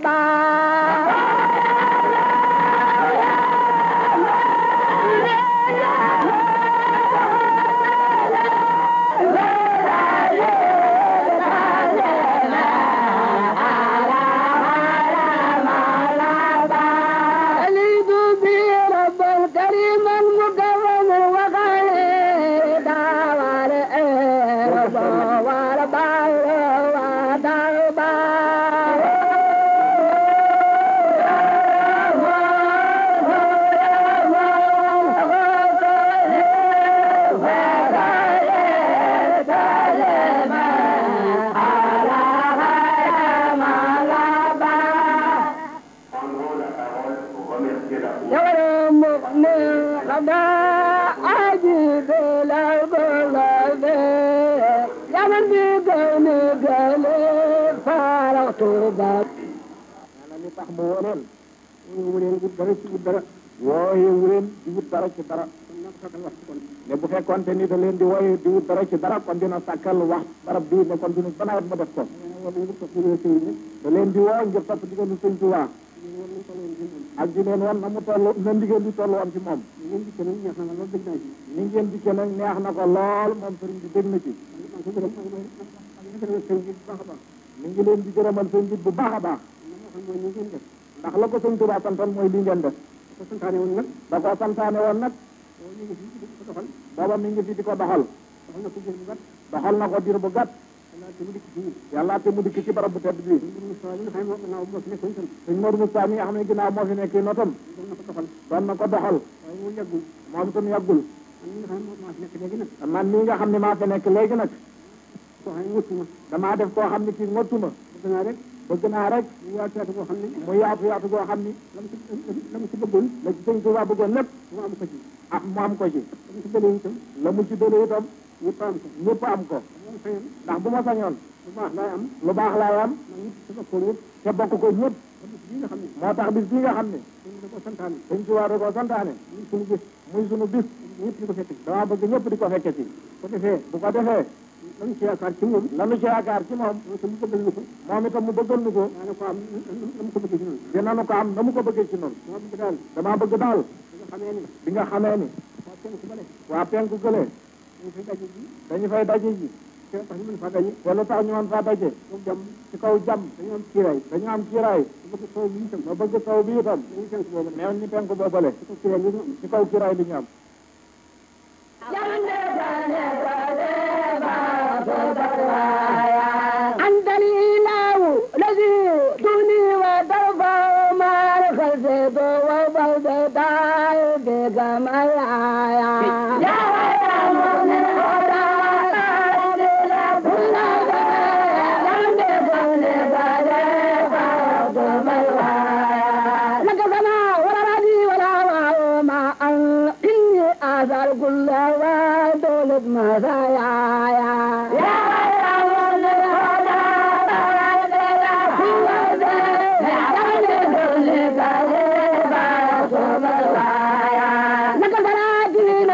Bye. tax mu woonoon wooyewu leen wut dara ci wut dara wooyewu leen di wut dara ci dara ne bu fekkoon te ni da leen di wooye di wut dara ci dara kon dina sàkkal wax barab bii ne kon dina ba nawet ma def ko da leen di woo ngir topp digalu sëñ Tuubaa ak di leen wan na mu toll na ndigal li toll woon ci moom. ni ngeen dikkee nag neex na lool bëgg naa ci. ni ngeen dikkee nag neex na ko lool moom sëriñ bi bëgg na ci. mi ngi leen di gërëmal seen bit bu baax a baax. ndax la ko sëñ Tuubaa santoon mooy li ngeen def. da ko santaane woon nag. da ko santaane woon nag. booba mi ngi fi di ko doxal. doxal na ko diir bu gàtt. na ko diir bu gàtt. yàlla te mu dikk ci barab bu tedd bi suñ Modou Moustapha mi nga xam ne moo fi nekk notam doon na ko doxal moom itam yàggul man mii nga xam ne maa fi nekk léegi nag damaa def koo xam ne kii ngottuma bëgg naa rek mu yaatu yaatu goo xam ne mu yaatu yaatu goo xam ni la mu ci bëggoon la ci sëñ Tuubaa bëggoon lépp mu am ko ci ah mu ko ci la mu la mu ci ñëpp am ko ñëpp am ko ndax bu ma sañoon lu baax laay am baax laay am te bokk ko ñëpp moo tax bis bii nga xam ne dañ ci war a ko santaane muy sunu bis muy sunu bis ñëpp di ko fekke dama bëgg ñëpp di ko fekke si bu ko defee bu ko defee lanu ci yaakaar ci moom lanu ci yaakaar ci moom mu bëggal ñu ko moom itam mu bëggal ñu ko dana ko am na mu ko bëggee ci noonu dinañu ko am na ci noonu dama bëgg daal dama bëgg daal bi nga xamee ni bi nga xamee ni waa penku gële waa ñu fi daje ji dañu fay daje ji tax ñu mën fa daje wala tax ñu mën fa daje mu jàmm ci kaw jàmm dañu am kiiraay dañu am kiiraay ma bëgg taw bi itam ma bëgg taw bi itam dañu penk boobu neew ñu penk boobale ci kaw kiiraay bi ñu am Gamaya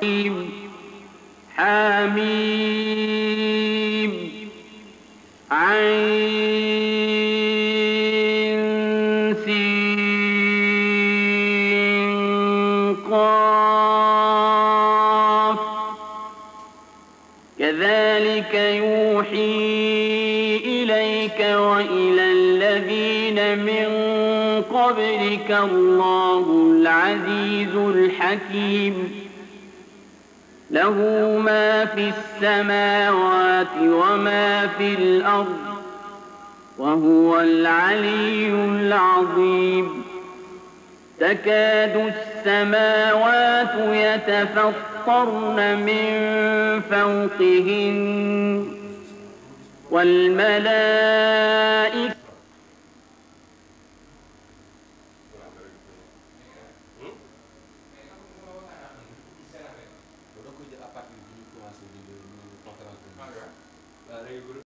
حميم عين سينقاف كذلك يوحي إليك وإلى الذين من قبلك الله العزيز الحكيم له ما في السماوات وما في الأرض وهو العلي العظيم تكاد السماوات يتفطرن من فوقهن والملائكة